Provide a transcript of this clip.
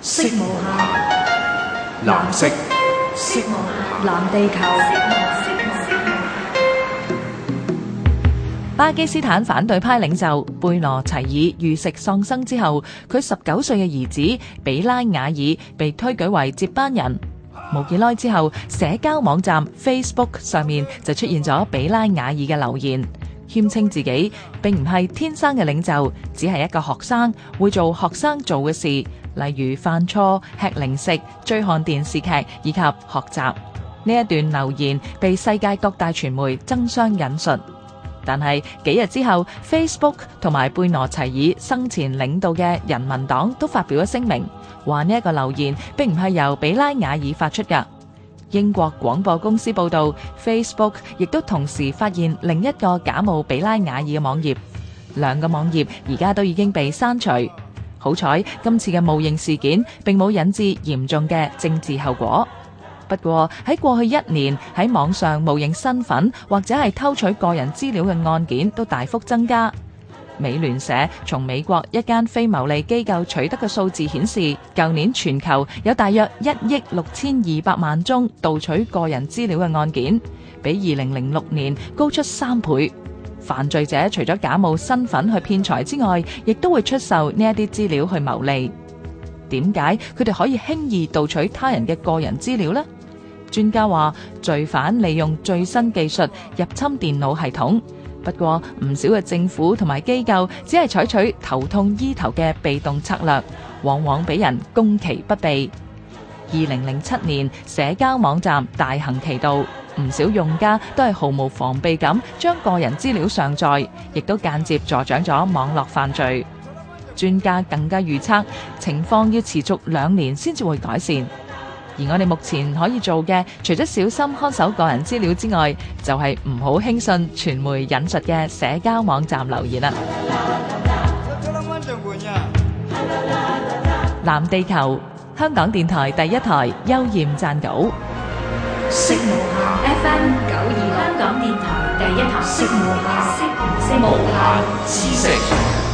色無暇，藍色，色無暇，藍地球。巴基斯坦反對派領袖貝羅齊爾遇食喪生之後，佢十九歲嘅兒子比拉瓦爾被推舉為接班人。冇幾耐之後，社交網站 Facebook 上面就出現咗比拉瓦爾嘅留言。謙稱自己並唔係天生嘅領袖，只係一個學生，會做學生做嘅事，例如犯錯、吃零食、追看電視劇以及學習。呢一段留言被世界各大傳媒爭相引述，但係幾日之後，Facebook 同埋貝諾齊爾生前領導嘅人民黨都發表咗聲明，話呢一個留言並唔係由比拉瓦爾發出㗎。英國廣播公司報道，Facebook 亦都同時發現另一個假冒比拉瓦爾嘅網頁，兩個網頁而家都已經被刪除。好彩，今次嘅冒認事件並冇引致嚴重嘅政治後果。不過喺過去一年，喺網上冒認身份或者係偷取個人資料嘅案件都大幅增加。美聯社從美國一間非牟利機構取得嘅數字顯示，舊年全球有大約一億六千二百萬宗盜取個人資料嘅案件，比二零零六年高出三倍。犯罪者除咗假冒身份去騙財之外，亦都會出售呢一啲資料去牟利。點解佢哋可以輕易盜取他人嘅個人資料呢？專家話，罪犯利用最新技術入侵電腦系統。不過唔少嘅政府同埋機構只係採取頭痛醫頭嘅被動策略，往往俾人攻其不備。二零零七年社交網站大行其道，唔少用家都係毫無防備咁將個人資料上載，亦都間接助長咗網絡犯罪。專家更加預測情況要持續兩年先至會改善。而我哋目前可以做嘅，除咗小心看守個人資料之外，就係唔好輕信傳媒引述嘅社交網站留言啦。藍地球香港電台第一台邱焱撰稿，FM 九二香港電台第一台，無限知識。